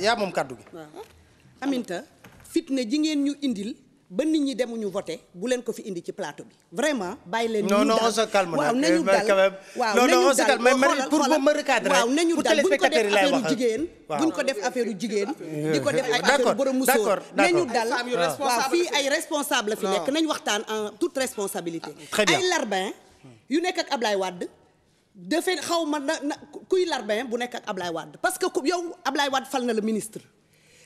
yaa moom kàddu gi. Aminta fitna ji ngeen ñu indil ba nit ñi demuñu voté bu leen ko fi indi ci plateau bi vraiment bàyyi leen. non non on se calme waaw nañu dal waaw nañu dal pour ma buñ ko def affaire jigéen. buñ ko def affaire jigéen. di ko def ay affaire borom musóor nañu dal waaw fii ay responsable fi nekk nañu waxtaan toute responsabilité. ay larbin yu nekk ak Ablaye Wade. dafay xaw ma na na kuy larbin bu nekk ak Ablaye Wade parce que yow Ablaye Wade fal na la ministre.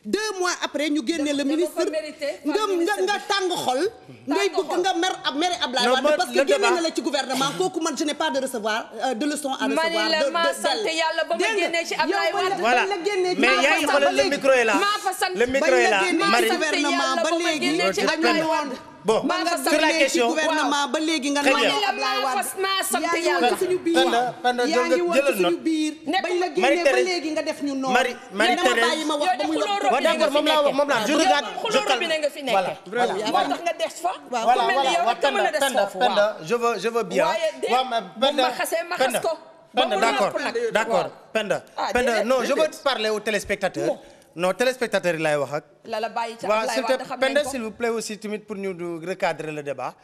deux mois après ñu génne le ministre nga nga tàng xol ngay bëgg nga mer ab mer parce que génne na la ci gouvernement kooku man je n'ai pas de recevoir euh, de leçon à recevoir de ma sant yàlla ba ma génnee ci Ablaye Wade voilà mais yaa ngi xoolal le micro est là le micro est là Marie ba léegi añu woon bon sur la question gouvernement ba léegi nga noonu Ablaye Wade yaa ngi woon suñu biir yaa ngi woon suñu biir bañ la génnee ba léegi nga def ñu noonu Marie Thérèse ma wax ba muy wax d'accord moom laa wax moom laa je regarde je calme voilà moo tax nga def fa voilà voilà Penda Penda je veux je veux bien waaw Penda ah, Penda Penda d'accord d'accord non téléspectateur yi laay wax ak. lala bàyyi ca Ablaye Wade xam nañ ko s'il vous plaît aussi tamit pour ñu recadrer le débat.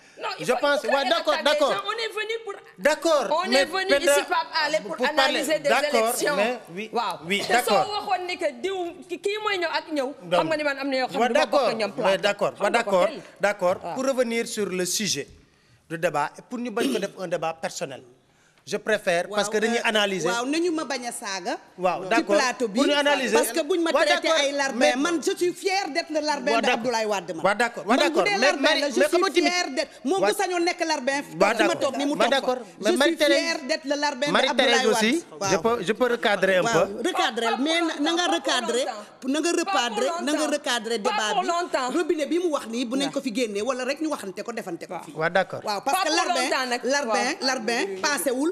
je pense waaw d' accord d' accord on est venu pour. analyser des élections mais oui oui d' accord te soo waxoon ni que diw kii mooy ñëw ak ñëw. xam am na yoo xam ne du ma bokk ak ñoom plan d' accord d' accord pour revenir sur le sujet du débat et pour ñu bañ def un débat personnel. je préfère parce que dañuy euh, analyser waaw nañu ma bañ saaga. waaw d' accord ci plateau bi parce que buñ ma traité ay larbin man je suis fier d' être larbin de Abdoulaye Wade man. waaw d' accord waaw d' accord mais mais je suis fier d' être moom bu nekk larbin. waaw d' accord ma mais mais na recadrer na recadrer na nga bi robinet bi mu wax nii bu nañ ko fi génnee wala rek ñu waxante ko defante ko waaw parce que larbin paasewul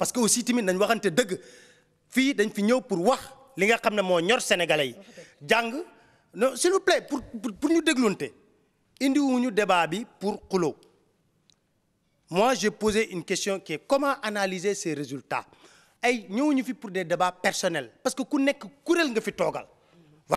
parce que aussi tamit nañ waxante dëgg fii dañ fi ñëw pour wax li nga xam ne moo ñor sénégalais yi jàng non s'il vous plaît pour pour ñu déglunte indiwuñu débat bi pour xuloo moi j'ai posé une question ke est comment analyser ces résultats ay ñu fi pour de débats personnels parce que ku nekk kuréel nga fi toogal